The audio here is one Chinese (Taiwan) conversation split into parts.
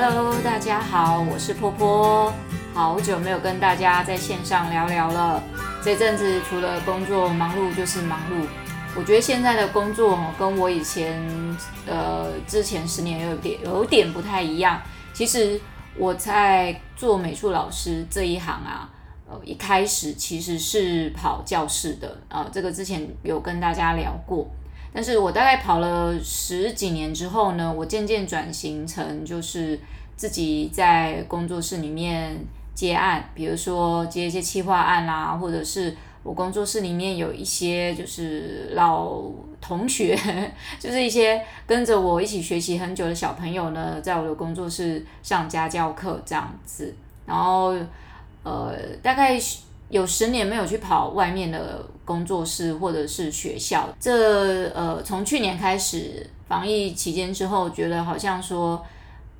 Hello，大家好，我是坡坡，好久沒有跟大家在線上聊聊了。這陣子除了工作忙碌就是忙碌。我覺得現在的工作跟我以前呃之前十年有點有點不太一樣。其實我在做美術老師這一行啊，一開始其實是跑教室的啊，呃，這個之前有跟大家聊過。但是我大概跑了十幾年之後呢，我漸漸轉型成就是自己在工作室裡面接案，比如說接一些企劃案啦、啊，或者是我工作室裡面有一些就是老同學，就是一些跟着我一起學習很久的小朋友呢，在我的工作室上家教課這樣子，然後呃，大概有十年沒有去跑外面的。工作室或者是學校，這呃，從去年開始防疫期間之後，覺得好像說，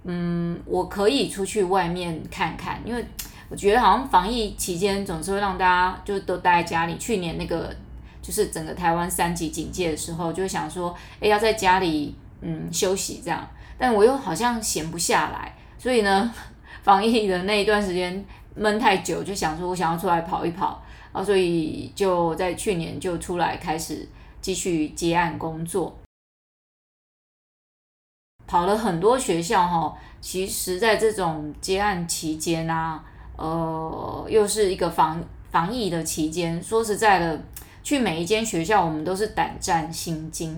嗯，我可以出去外面看看，因為我覺得好像防疫期間總是會讓大家就都待在家裡。去年那個就是整個台灣三級警戒的時候，就想說，欸，要在家裡嗯休息這樣，但我又好像閒不下來，所以呢，防疫的那一段時間悶太久，就想說我想要出來跑一跑。啊，所以就在去年就出來開始繼續接案工作，跑了很多學校哈。其實，在這種接案期間啊，呃，又是一個防防疫的期間。說實在的，去每一間學校，我們都是膽戰心驚。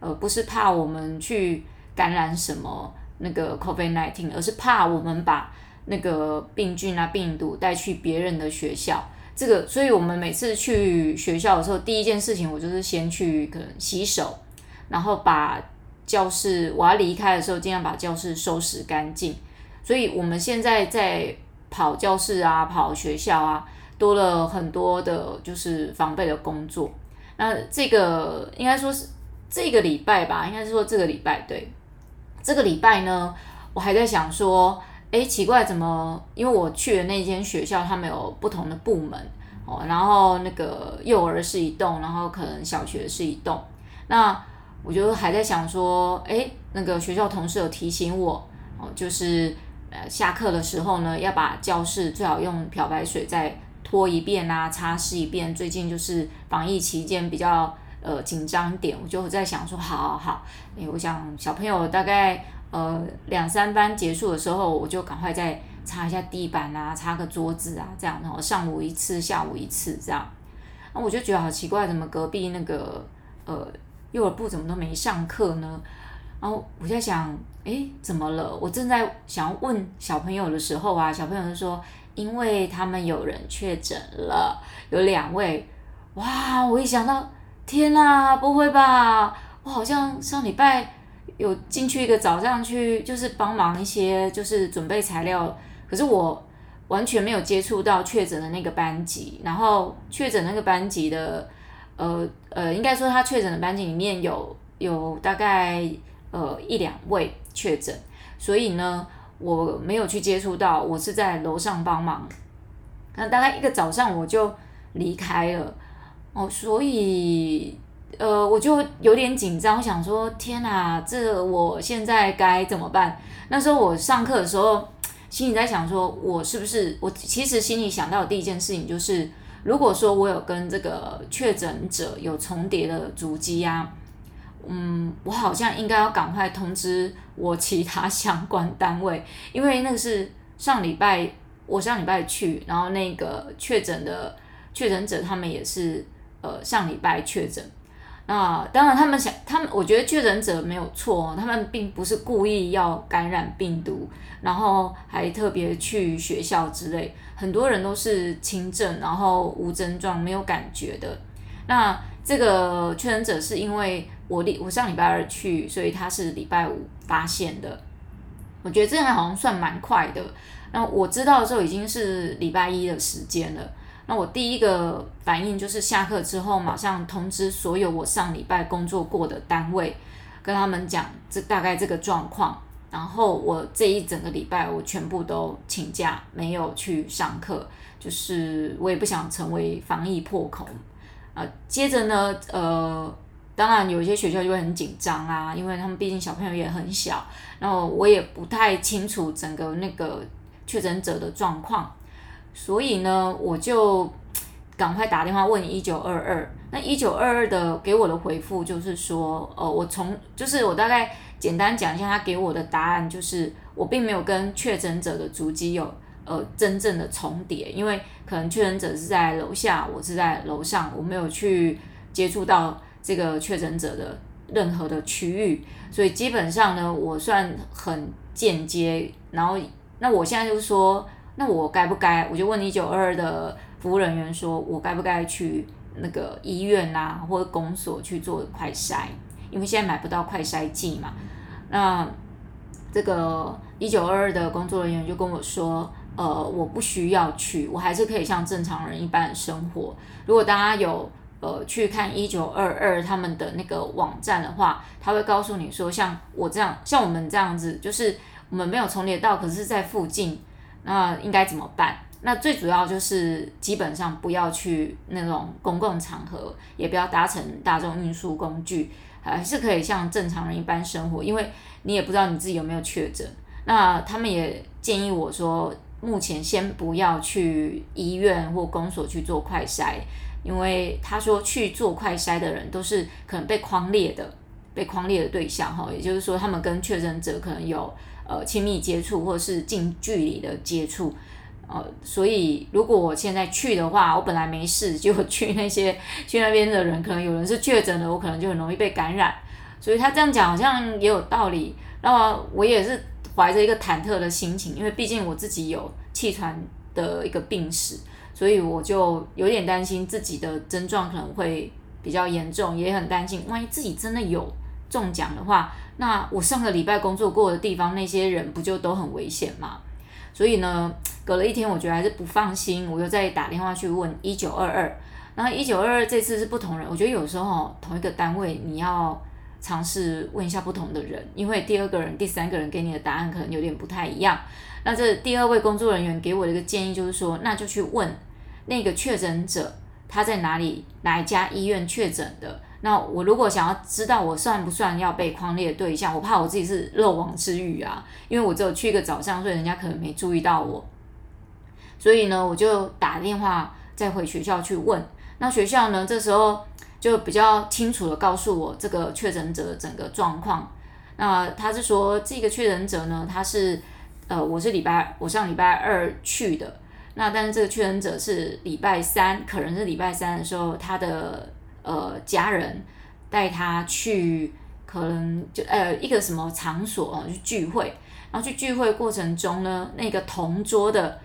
呃，不是怕我們去感染什麼那個 COVID-19，而是怕我們把那個病菌啊、病毒帶去別人的學校。這個，所以我們每次去學校的時候，第一件事情我就是先去可能洗手，然後把教室，我要離開的時候盡量把教室收拾乾淨。所以我們現在在跑教室啊，跑學校啊，多了很多的，就是防備的工作。那這個應該說是這個禮拜吧，應該是說這個禮拜，對，這個禮拜呢，我還在想說。哎，奇怪，怎麼？因為我去的那間學校，他們有不同的部門哦，然後那個幼兒是一棟，然後可能小學是一棟。那我就還在想說，哎，那個學校同事有提醒我哦，就是呃下課的時候呢，要把教室最好用漂白水再拖一遍啊，擦拭一遍啊，擦拭一遍。最近就是防疫期間比較呃緊張一點，我就在想說，好好好，好，我想小朋友大概。呃，兩三班結束的時候，我就趕快再擦一下地板啊，擦個桌子啊，這樣。然後上午一次，下午一次，這樣。我就覺得好奇怪，怎麼隔壁那個呃幼兒部怎麼都沒上課呢？然後我就在想，誒，怎麼了？我正在想要問小朋友的時候啊，小朋友就說，因為他們有人確診了，有兩位。哇！我一想到，天哪，啊，不會吧？我好像上禮拜。有進去一個早上去，就是幫忙一些，就是準備材料。可是我完全沒有接觸到確診的那個班級，然後確診那個班級的，呃呃，應該說他確診的班級裡面有有大概呃一兩位確診，所以呢，我沒有去接觸到。我是在樓上幫忙，那大概一個早上我就離開了。哦，所以。呃，我就有點緊張，我想說，天哪，這我現在該怎麼辦？那時候我上課的時候，心裡在想說，我是不是我其實心裡想到的第一件事情就是，如果說我有跟這個確診者有重疊的足跡啊，嗯，我好像應該要趕快通知我其他相關單位，因為那個是上禮拜，我上禮拜去，然後那個確診的確診者他們也是呃上禮拜確診。那當然他，他們想他們，我覺得確診者沒有錯，他們並不是故意要感染病毒，然後還特別去學校之類。很多人都是輕症，然後無症狀、沒有感覺的。那這個確診者是因為我禮，我上禮拜二去，所以他是禮拜五發現的。我覺得這樣好像算蠻快的。那我知道的時候已經是禮拜一的時間了。那我第一個反應就是下課之後，馬上通知所有我上禮拜工作過的單位，跟他們講這大概這個狀況。然後我這一整個禮拜，我全部都請假，沒有去上課，就是我也不想成為防疫破口。呃，接着呢，呃，當然有些學校就會很緊張啊，因為他們畢竟小朋友也很小，然後我也不太清楚整個那個確診者的狀況。所以呢，我就趕快打電話問一九二二，那一九二二的給我的回覆就是說，呃，我從就是我大概簡單講一下，他給我的答案就是，我並沒有跟確診者的足跡有呃真正的重疊，因為可能確診者是在樓下，我是在樓上，我沒有去接觸到這個確診者的任何的區域，所以基本上呢，我算很間接。然後那我現在就是說。那我該不該？我就問一九二二的服務人員說：“我該不該去那個醫院吶，啊，或者公所去做快篩？因為現在買不到快篩劑嘛。”那這個一九二二的工作人員就跟我說：“呃，我不需要去，我還是可以像正常人一般生活。如果大家有呃去看一九二二他們的那個網站的話，他會告訴你說，像我這樣，像我們這樣子，就是我們沒有重疊到，可是在附近。”那應該怎麼辦？那最主要就是基本上不要去那種公共場合，也不要搭乘大眾運輸工具，還是可以像正常人一般生活，因為你也不知道你自己有沒有確診。那他們也建議我說，目前先不要去醫院或公所去做快篩，因為他說去做快篩的人都是可能被匡列的、被匡列的對象哈，也就是說他們跟確診者可能有。呃，親密接觸或是近距離的接觸，呃，所以如果我現在去的話，我本來沒事就去那些去那邊的人，可能有人是確診的，我可能就很容易被感染。所以他這樣講好像也有道理。那麼我也是懷着一個忐忑的心情，因為畢竟我自己有氣喘的一個病史，所以我就有點擔心自己的症狀可能會比較嚴重，也很擔心萬一自己真的有。中獎的話，那我上個禮拜工作過的地方，那些人不就都很危險嗎？所以呢，隔了一天，我覺得還是不放心，我又再打電話去問一九二二。然後一九二二這次是不同人，我覺得有時候同一個單位，你要嘗試問一下不同的人，因為第二個人、第三個人給你的答案可能有點不太一樣。那這第二位工作人員給我的一個建議就是說，那就去問那個確診者他在哪裡，哪一家醫院確診的。那我如果想要知道我算不算要被匡列的對象，我怕我自己是漏網之魚啊，因為我只有去一個早上，所以人家可能沒注意到我。所以呢，我就打電話再回學校去問。那學校呢，這時候就比較清楚地告訴我這個確診者的整個狀況。那他是說，這個確診者呢，他是呃，我是禮拜我上禮拜二去的，那但是這個確診者是禮拜三，可能是禮拜三的時候他的。呃，家人帶他去，可能就呃一個什麼場所，呃，去聚會，然後去聚會過程中呢，那個同桌的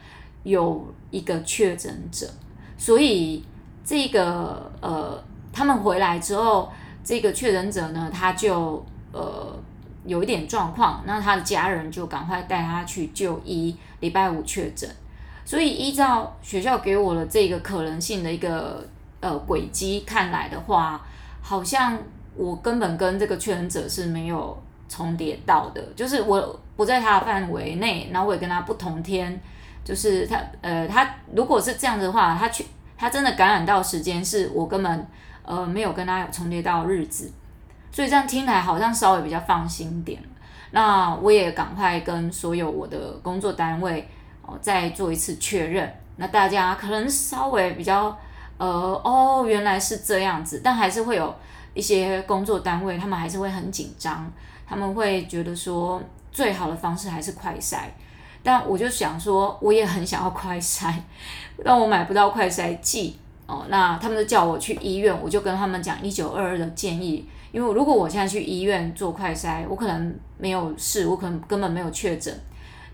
有一個確診者，所以這個呃他們回來之後，這個確診者呢他就呃有一點狀況，那他的家人就趕快帶他去就醫，禮拜五確診，所以依照學校給我的這個可能性的一個。呃，軌跡看來的話，好像我根本跟這個確診者是沒有重疊到的，就是我不在他的範圍內，然後我也跟他不同天，就是他呃他如果是這樣的話，他去他真的感染到時間是我根本呃沒有跟他有重疊到日子，所以這樣聽來好像稍微比較放心一點。那我也趕快跟所有我的工作單位哦、呃、再做一次確認，那大家可能稍微比較。呃哦，原來是這樣子，但還是會有一些工作單位，他們還是會很緊張，他們會覺得說最好的方式還是快篩。但我就想說，我也很想要快篩，但我買不到快篩劑哦。那他們就叫我去醫院，我就跟他們講一九二二的建議，因為如果我現在去醫院做快篩，我可能沒有事，我可能根本沒有確診。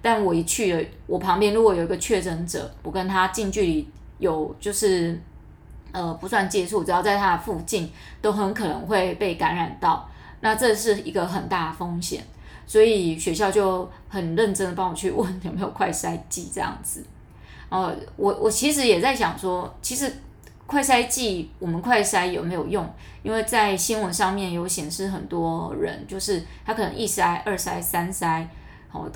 但我一去了，我旁邊如果有一個確診者，我跟他近距離有就是。呃，不算接觸，只要在他的附近，都很可能會被感染到。那這是一個很大的風險，所以學校就很認真地幫我去問有沒有快篩劑這樣子。呃，我我其實也在想說，其實快篩劑我們快篩有沒有用？因為在新聞上面有顯示很多人，就是他可能一篩、二篩、三篩。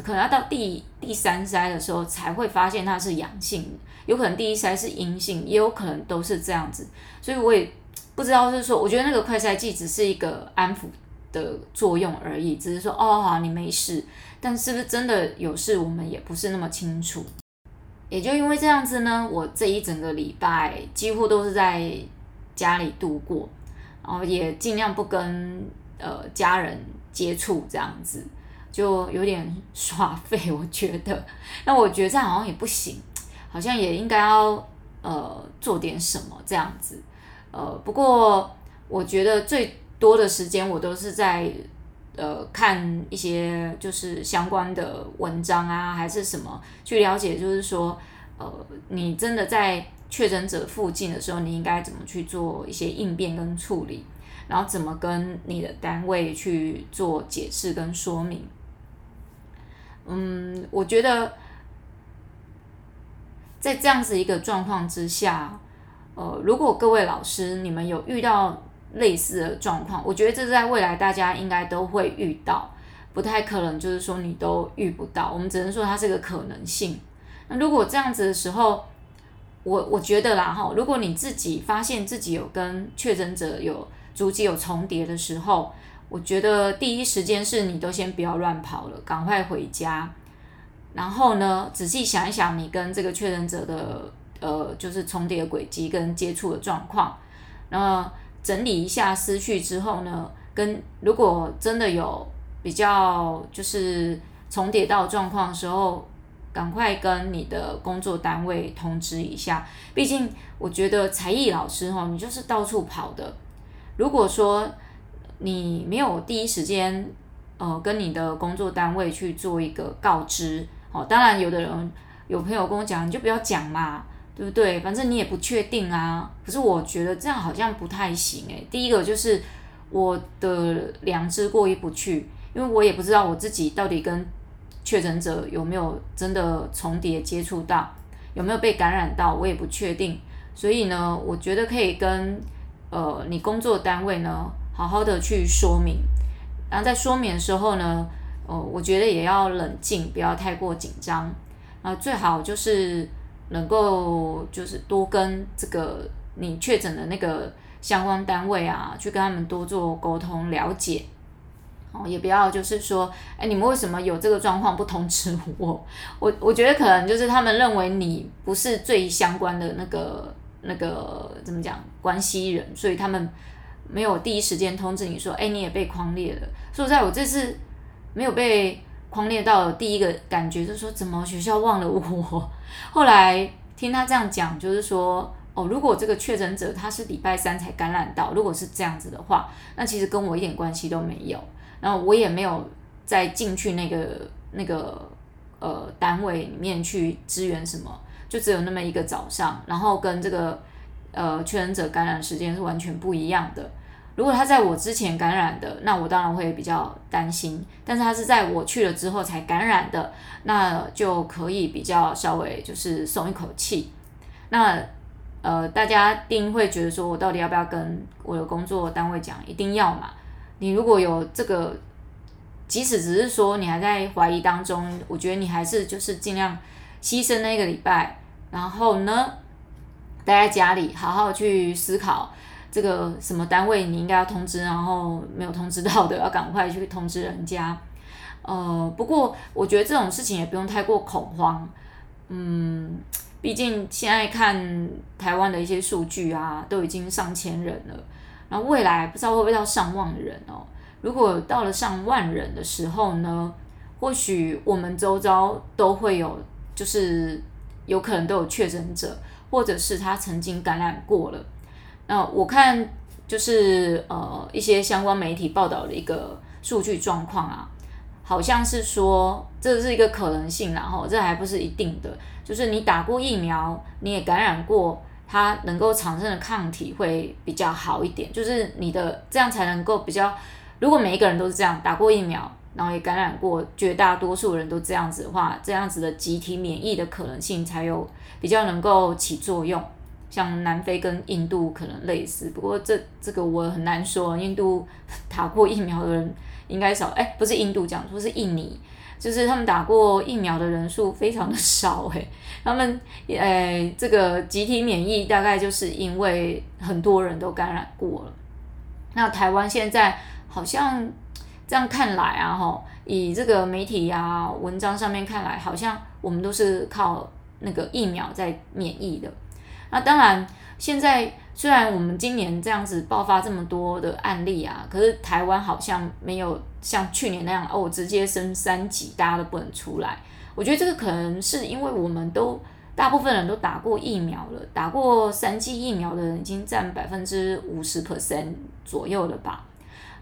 可能要到第第三篩的時候才會發現它是陽性的，有可能第一篩是陰性，也有可能都是這樣子，所以我也不知道是說，我覺得那個快篩劑只是一個安撫的作用而已，只是說哦，好，你沒事，但是不是真的有事，我們也不是那麼清楚。也就因為這樣子呢，我這一整個禮拜幾乎都是在家裡度過，然後也盡量不跟呃家人接觸這樣子。就有點耍廢，我覺得，那我覺得這樣好像也不行，好像也應該要呃做點什麼這樣子，呃，不過我覺得最多的時間我都是在呃看一些就是相關的文章啊，還是什麼去了解，就是說呃你真的在確診者附近的時候，你應該怎麼去做一些應變跟處理，然後怎麼跟你的單位去做解釋跟說明。嗯，我覺得，在這樣子一個狀況之下，呃，如果各位老師你們有遇到類似的狀況，我覺得這在未來大家應該都會遇到，不太可能就是說你都遇不到，我們只能說它是個可能性。那如果這樣子的時候，我我覺得啦，哈，如果你自己發現自己有跟確診者有足跡有重疊的時候，我覺得第一時間是你都先不要亂跑了，趕快回家。然後呢，仔細想一想你跟這個確診者的呃，就是重疊軌跡跟接觸的狀況。那整理一下思緒之後呢，跟如果真的有比較就是重疊到狀況的時候，趕快跟你的工作單位通知一下。畢竟我覺得才藝老師哈、哦，你就是到處跑的。如果說你沒有第一時間，呃，跟你的工作單位去做一個告知，哦，當然，有的人有朋友跟我講，你就不要講嘛，對不對？反正你也不確定啊。可是我覺得這樣好像不太行欸。第一個就是我的良知過意不去，因為我也不知道我自己到底跟確診者有沒有真的重疊接觸到，有沒有被感染到，我也不確定。所以呢，我覺得可以跟呃你工作單位呢。好好的去說明，然後在說明的時候呢，哦、呃，我覺得也要冷靜，不要太過緊張啊。最好就是能夠就是多跟這個你確診的那個相關單位啊，去跟他們多做溝通了解。哦、呃，也不要就是說，哎、欸，你們為什麼有這個狀況不通知我？我我覺得可能就是他們認為你不是最相關的那個那個怎麼講關係人，所以他們。沒有第一時間通知你說，哎，你也被匡列了。所以在我這次沒有被匡列到的第一個感覺就是說，怎麼學校忘了我？後來聽他這樣講，就是說，哦，如果這個確診者他是禮拜三才感染到，如果是這樣子的話，那其實跟我一點關係都沒有。然後我也沒有再進去那個那個呃單位裡面去支援什麼，就只有那麼一個早上，然後跟這個呃確診者感染時間是完全不一樣的。如果他在我之前感染的，那我當然會比較擔心；但是他是在我去了之後才感染的，那就可以比較稍微就是鬆一口氣。那呃，大家一定會覺得說，我到底要不要跟我的工作單位講？一定要嘛？你如果有這個，即使只是說你還在懷疑當中，我覺得你還是就是盡量犧牲那一個禮拜，然後呢，待在家裡，好好去思考。這個什麼單位你應該要通知，然後沒有通知到的要趕快去通知人家。呃，不過我覺得這種事情也不用太過恐慌。嗯，畢竟現在看台灣的一些數據啊，都已經上千人了，然後未來不知道會不會到上萬人哦。如果到了上萬人的時候呢，或許我們周遭都會有，就是有可能都有確診者，或者是他曾經感染過了。那我看就是呃，一些相關媒體報道的一個數據狀況啊，好像是說這是一個可能性，然後這還不是一定的。就是你打過疫苗，你也感染過，它能夠產生的抗體會比較好一點。就是你的這樣才能夠比較。如果每一個人都是這樣打過疫苗，然後也感染過，絕大多數人都這樣子的話，這樣子的集體免疫的可能性才有比較能夠起作用。像南非跟印度可能類似，不過這這個我很難說。印度打過疫苗的人應該少，哎、欸，不是印度講，說是印尼，就是他們打過疫苗的人數非常的少、欸，哎，他們呃、欸，這個集體免疫大概就是因為很多人都感染過了。那台灣現在好像這樣看來啊，哈，以這個媒體啊文章上面看來，好像我們都是靠那個疫苗在免疫的。那當然，現在雖然我們今年這樣子爆發這麼多的案例啊，可是台灣好像沒有像去年那樣哦，直接升三級，大家都不能出來。我覺得這個可能是因為我們都大部分人都打過疫苗了，打過三劑疫苗的人已經佔百分之五十 percent 左右了吧，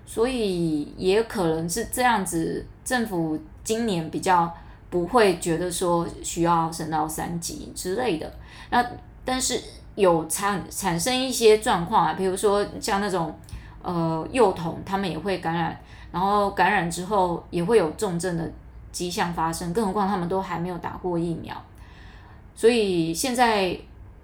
所以也可能是這樣子，政府今年比較不會覺得說需要升到三級之類的。那但是有產產生一些狀況啊，比如說像那種呃幼童，他們也會感染，然後感染之後也會有重症的跡象發生，更何況他們都還沒有打過疫苗，所以現在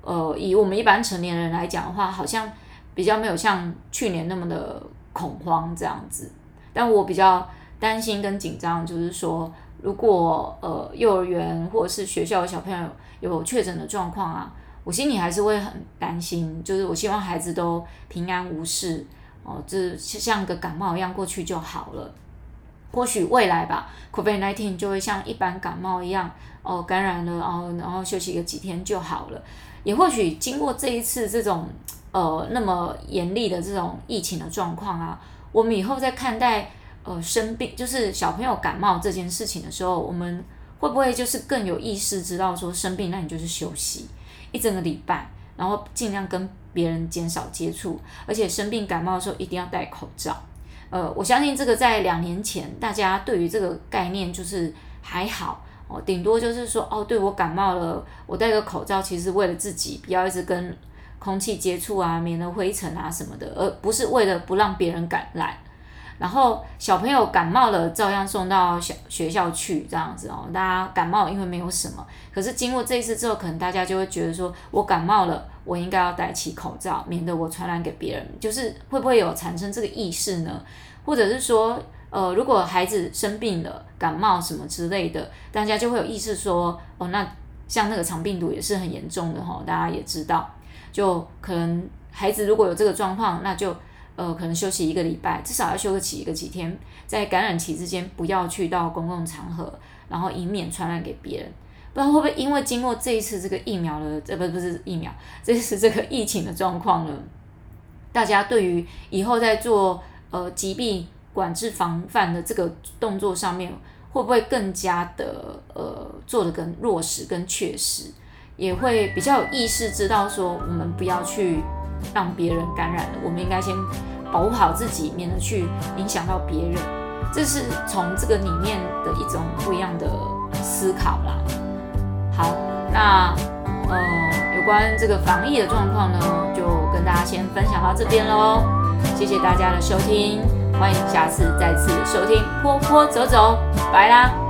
呃以我們一般成年人來講的話，好像比較沒有像去年那麼的恐慌這樣子，但我比較擔心跟緊張，就是說如果呃幼兒園或者是學校的小朋友有確診的狀況啊。我心裡還是會很擔心，就是我希望孩子都平安無事，哦、呃，就像個感冒一樣過去就好了。或許未來吧，COVID-19 就會像一般感冒一樣，哦、呃，感染了，哦，然後然後休息個幾天就好了。也或許經過這一次這種呃那麼嚴厲的這種疫情的狀況啊，我們以後再看待呃生病，就是小朋友感冒這件事情的時候，我們會不會就是更有意識知道說生病，那你就是休息。一整個禮拜，然後盡量跟別人減少接觸，而且生病感冒的時候一定要戴口罩。呃，我相信這個在兩年前，大家對於這個概念就是還好哦，頂多就是說哦，對我感冒了，我戴個口罩，其實為了自己不要一直跟空氣接觸啊，免得灰塵啊什麼的，而不是為了不讓別人感染。然後小朋友感冒了，照樣送到小學校去，這樣子哦。大家感冒因為沒有什麼，可是經過這一次之後，可能大家就會覺得說，我感冒了，我應該要戴起口罩，免得我傳染給別人。就是會不會有產生這個意識呢？或者是說，呃，如果孩子生病了，感冒什麼之類的，大家就會有意識說，哦，那像那個腸病毒也是很嚴重的哈，大家也知道，就可能孩子如果有這個狀況，那就。呃，可能休息一個禮拜，至少要休個幾個幾天，在感染期之間不要去到公共場合，然後以免傳染給別人。不知道會不會因為經過這一次這個疫苗的，呃，不不是疫苗，這次這個疫情的狀況呢，大家對於以後在做呃疾病管制防範的這個動作上面，會不會更加的呃做的更落實、更確實，也會比較有意識，知道說我們不要去。讓別人感染了，我們應該先保護好自己，免得去影響到別人。這是從這個裡面的一種不一樣的思考啦。好，那呃，有關這個防疫的狀況呢，就跟大家先分享到這邊嘍。謝謝大家的收聽，歡迎下次再次收聽潑潑走走，拜啦。